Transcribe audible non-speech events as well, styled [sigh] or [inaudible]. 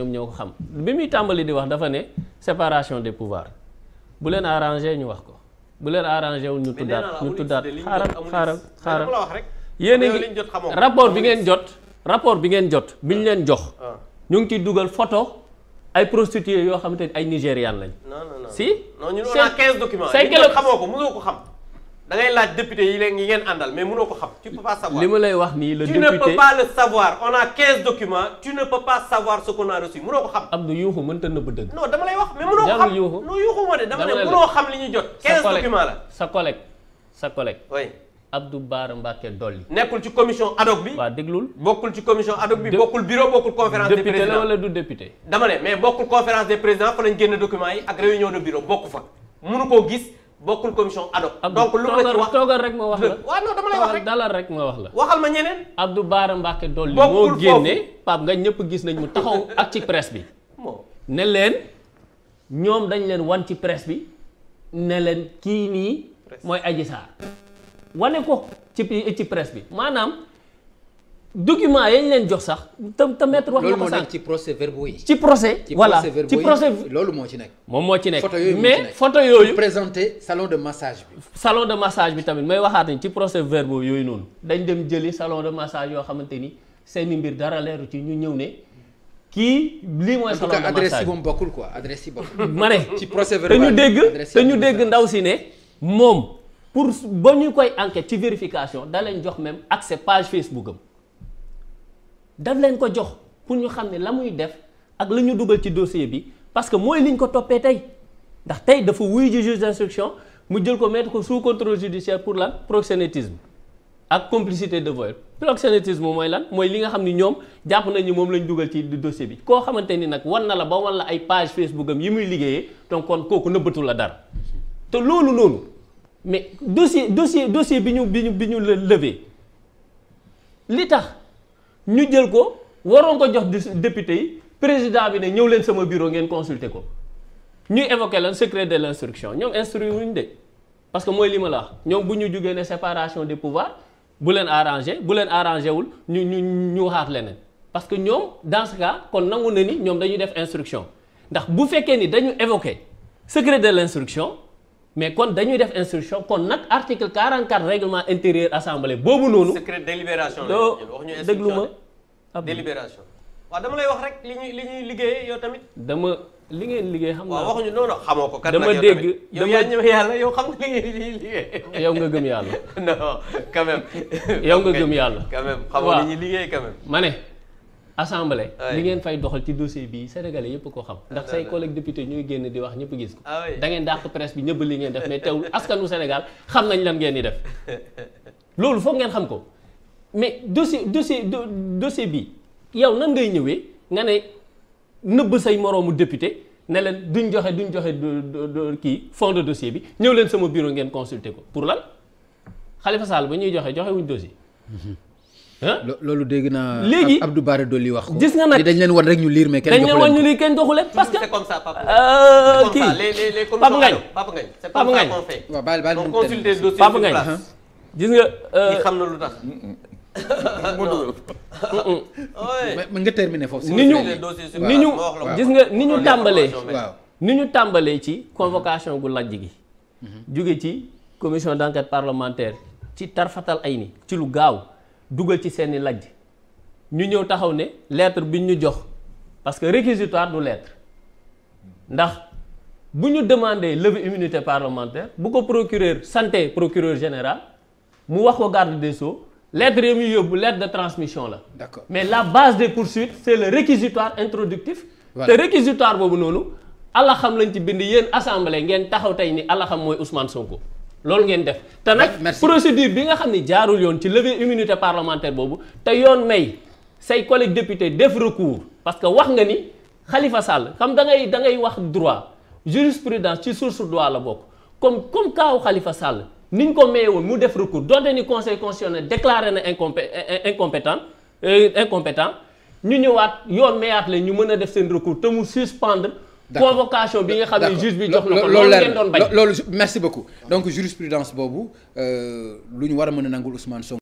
ñoom ñoo ko xam bi muy tàmbali di wax dafa ne séparation des pouvoirs bu leen arrangé ñu wax ko bu leen arrangé wul ñu tuddaat ñu tuddaat xaaral xaaral xaaral yéen a ngi rapport bi ngeen jot rapport bi ngeen jot bi ñu leen jox ah. ñu ngi ciy dugal photo ay prostituées yoo xamante ni ay nigérian lañ si c'est 15 documents c'est xamoo da laaj député yi leen yi ngeen àndal mais mënoo ko xam tu ne savoir. li ma lay wax nii le député tu ne peux savoir on a 15 documents a reçu mënoo ko xam. Abdou yuuxu mënta nëbb dëgg. non dama lay wax mais mënoo ko xam yuuxu non yuuxu ma de dama ne mënoo xam li ñu jot. 15 documents la sa collègue sa collègue. oui Abdou Bara Mbacké Dolly. nekkul ci commission ad hoc bi. waaw déglul bokkul ci commission ad hoc bi. bokkul bureau bokkul conférence des présidents député la mais bokkul conférence des présidents fa lañ génn documents yi ak réunion de bokkul commission ad hoc. donc lu ma la ci rek moo wax la. waaw non rek dalal rek ma wax la. waxal ma ñeneen. Abdou baara Mbacké Dolly moo génne Pape nga ñëpp gis nañ mu taxaw ak ci presse bi. ne leen ñoom dañ leen wan ci presse bi ne leen kii nii mooy Adji Sarr wane ko ci ci presse bi maanaam. document yañ leen jox sax te te maître wax na ko sànq ci procès verbaux yi. ci procès voilà ci procès loolu moo ci nekk. moom moo ci nekk mais photo yooyu. présenté salon de massage bi. salon de bi tamit may waxaat ni ci procès verbaux yooyu noonu dañ dem jëli salon de massage yoo xamante ni seeni mbir dara leeru ci ñu ñëw ne kii lii mooy. salon de massage adresse bokkul quoi adresse yi bokkul. ma ci procès verbal te ñu dégg te ñu dégg ndaw si ne moom pour ba ñu koy enquête ci vérification da leen jox même accès page Facebook am. daf leen ko jox pour ñu xam ne la muy def ak la ñu dugal ci dossier bi parce que mooy liñ ko toppee tey ndax tey dafa wuy ji juge d'instruction mu jël ko mettre ko sous contrôle judiciaire pour lan proxénétisme ak complicité de vol proxénétisme mooy lan mooy li nga xam ni ñoom jàpp nañ ni moom lañ dugal ci dossier bi koo xamante ni nag wan na la ba wan la ay page Facebook am yi muy liggéeyee donc kon kooku nëbbatu la dara te loolu loolu mais dossier dossier dossier bi ñu bi ñu bi ñu levé li tax ñu jël ko waroon ko jox député yi président bi ne ñëw leen sama bureau ngeen consulté ko ñuy évoqué lan secret de l' instruction ñoom instruire wuñ de parce que mooy li ma la wax ñoom bu ñu jugee ne séparation des pouvoirs bu leen arrangé bu leen arrangé wul ñu ñu ñu waxaat leneen parce que ñoom dans kon nangu na ni ñoom dañuy def instruction ndax bu fekkee ni dañu évoqué secret de l' instruction. mais kon dañuy def instruction kon nag article 44 règlement intérieur assemblée boobu noonu. secret délibération la ñu déglu ma ab délibération. waaw dama wax rek li li ñuy liggéey yow tamit. dama li ngeen liggéey xam naa waaw waxuñu noonu xamoo ko. kat dama dégg yow yaa ñëw yàlla yow xam nga li ngeen yow nga gëm yàlla. [laughs] non quand yow nga [laughs] gëm yàlla. quand même xamoo li ñuy ma ne. assemblée ah li ngeen fay doxal ci dossier bii sénégalais yëpp ko xam ah ndax say collègues député ñuy génn di wax ñëpp gis ko ah da ngeen dàq presse bi ñëpp li ngeen def mais teewul askanu senegal xam nañ lan ngeen di def [laughs] loolu foog ngeen xam ko mais dossier dossier dossier bi yow nan ngay ñëwee nga ne nëbb say moroomu député ne leen duñ joxe duñ joxe kii fond de dossier bi ñëw leen sama bureau ngeen consulter ko pour lan Khalifa Sall ba ñuy joxe joxe wuñ [laughs] loolu dégg naa. léegi Abdou Bara Dolly wax gis nga nag dañ leen wan rek ñu liir mais. kenn doxu leen dañ leen wan ñu liir kenn doxu leen parce que. c'est comme ça Papa Ngagne. Euh, kii Papa Ngagne Papa Ngagne. c'est uh-huh. gis nga. Euh, kii xam na nga terminer foofu. ni ñu ni gis nga ni ñu tàmbalee. waaw ni ñu tàmbalee ci convocation gu lajj gi. Mm-hmm. jóge ci commission d'enquête parlementaire ci tarfatal ay ni ci lu gaaw. dugal ci seeni lajj ñu ñëw taxaw ne lettre bi ñu jox parce que réquisitoire du lettre ndax bu ñu demandé levée immunité parlementaire bu ko procureur santé procureur général mu wax ko garde des sceaux lettre yi muy yóbbu lettre de transmission la. d'accord mais la base de poursuites c'est le réquisitoire introductif. te réquisitoire boobu noonu. ala xam lañ ci bind yéen assemblée ngeen taxaw tey ni ala xam mooy Ousmane ko loolu ngeen def te nag procédure bi nga xam ne jaarul yoon ci levée immunité parlementaire boobu te yoon may say collègue député def recours parce que wax nga ni xalifa Sall xam da ngay da ngay wax droit jurisprudence ci source droit la bokk comme comme kaaw xalifa Sall ni ñu ko maye woon mu def recours donte ni conseil constitutionnel déclaré na incompé incompétent euh, incompétent ñu ñëwaat yoon mayaat la ñu mën a def seen recours te mu suspendre convocation bi nga xam ne juge bi jox na ko loolu ngeen doon bañ merci beaucoup donc jurisprudence boobu euh, lu ñu war a mën a nangul Ousmane Sonko